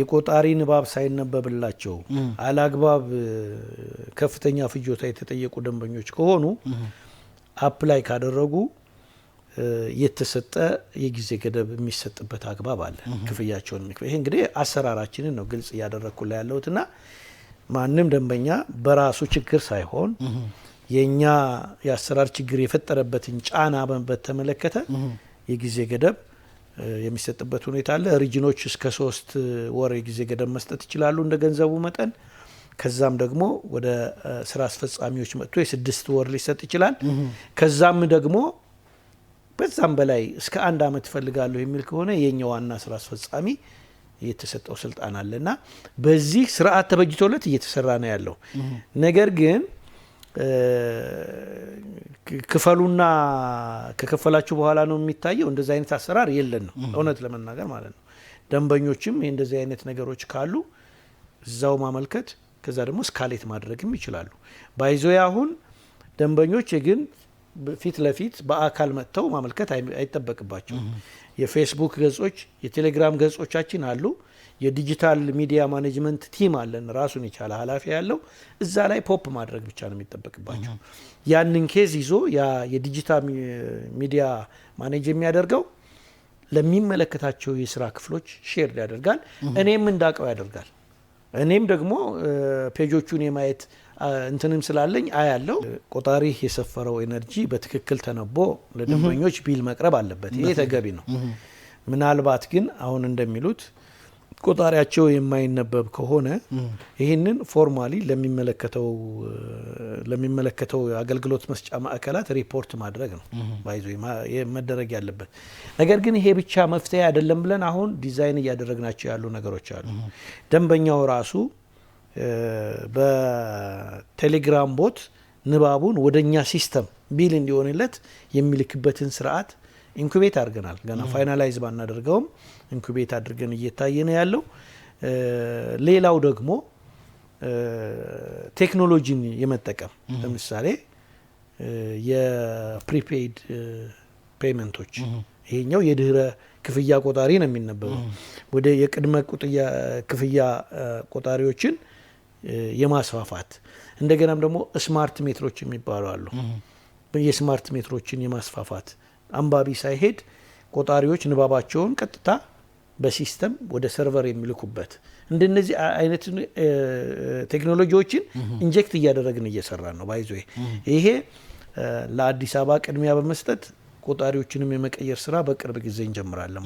የቆጣሪ ንባብ ሳይነበብላቸው አላግባብ ከፍተኛ ፍጆታ የተጠየቁ ደንበኞች ከሆኑ አፕላይ ካደረጉ የተሰጠ የጊዜ ገደብ የሚሰጥበት አግባብ አለ። ክፍያቸውን ይሄ እንግዲህ አሰራራችንን ነው ግልጽ ላይ ያለሁት እና ማንም ደንበኛ በራሱ ችግር ሳይሆን የእኛ የአሰራር ችግር የፈጠረበትን ጫና በተመለከተ የጊዜ ገደብ የሚሰጥበት ሁኔታ አለ። ሪጅኖች እስከ ሶስት ወር የጊዜ ገደብ መስጠት ይችላሉ እንደ ገንዘቡ መጠን። ከዛም ደግሞ ወደ ስራ አስፈጻሚዎች መጥቶ የስድስት ወር ሊሰጥ ይችላል። ከዛም ደግሞ በዛም በላይ እስከ አንድ አመት እፈልጋለሁ የሚል ከሆነ የኛ ዋና ስራ አስፈጻሚ የተሰጠው ስልጣን አለ እና በዚህ ስርዓት ተበጅቶለት እየተሰራ ነው ያለው ነገር ግን ክፈሉና ከከፈላችሁ በኋላ ነው የሚታየው። እንደዚህ አይነት አሰራር የለን ነው እውነት ለመናገር ማለት ነው። ደንበኞችም ይህ እንደዚህ አይነት ነገሮች ካሉ እዛው ማመልከት፣ ከዛ ደግሞ ስካሌት ማድረግም ይችላሉ። ባይዞ አሁን ደንበኞች ግን ፊት ለፊት በአካል መጥተው ማመልከት አይጠበቅባቸው። የፌስቡክ ገጾች፣ የቴሌግራም ገጾቻችን አሉ። የዲጂታል ሚዲያ ማኔጅመንት ቲም አለን ራሱን የቻለ ኃላፊ ያለው እዛ ላይ ፖፕ ማድረግ ብቻ ነው የሚጠበቅባቸው። ያንን ኬዝ ይዞ ያ የዲጂታል ሚዲያ ማኔጅ የሚያደርገው ለሚመለከታቸው የስራ ክፍሎች ሼር ያደርጋል። እኔም እንዳቀው ያደርጋል። እኔም ደግሞ ፔጆቹን የማየት እንትንም ስላለኝ አያለው። ቆጣሪህ የሰፈረው ኤነርጂ በትክክል ተነቦ ለደንበኞች ቢል መቅረብ አለበት። ይሄ ተገቢ ነው። ምናልባት ግን አሁን እንደሚሉት ቆጣሪያቸው የማይነበብ ከሆነ ይህንን ፎርማሊ ለሚመለከተው ለሚመለከተው አገልግሎት መስጫ ማዕከላት ሪፖርት ማድረግ ነው ባይዞ መደረግ ያለበት። ነገር ግን ይሄ ብቻ መፍትሄ አይደለም ብለን አሁን ዲዛይን እያደረግናቸው ያሉ ነገሮች አሉ። ደንበኛው ራሱ በቴሌግራም ቦት ንባቡን ወደኛ ሲስተም ቢል እንዲሆንለት የሚልክበትን ስርዓት ኢንኩቤት አድርገናል። ገና ፋይናላይዝ ባናደርገውም ኢንኩቤት አድርገን እየታየ ነው ያለው። ሌላው ደግሞ ቴክኖሎጂን የመጠቀም ለምሳሌ የፕሪፔይድ ፔመንቶች ይሄኛው የድህረ ክፍያ ቆጣሪ ነው የሚነበበው። ወደ የቅድመ ክፍያ ቆጣሪዎችን የማስፋፋት እንደገናም ደግሞ ስማርት ሜትሮች የሚባሉ አሉ። የስማርት ሜትሮችን የማስፋፋት አንባቢ ሳይሄድ ቆጣሪዎች ንባባቸውን ቀጥታ በሲስተም ወደ ሰርቨር የሚልኩበት እንደነዚህ አይነት ቴክኖሎጂዎችን ኢንጀክት እያደረግን እየሰራ ነው። ባይዞ ይሄ ለአዲስ አበባ ቅድሚያ በመስጠት ቆጣሪዎችንም የመቀየር ስራ በቅርብ ጊዜ እንጀምራለን።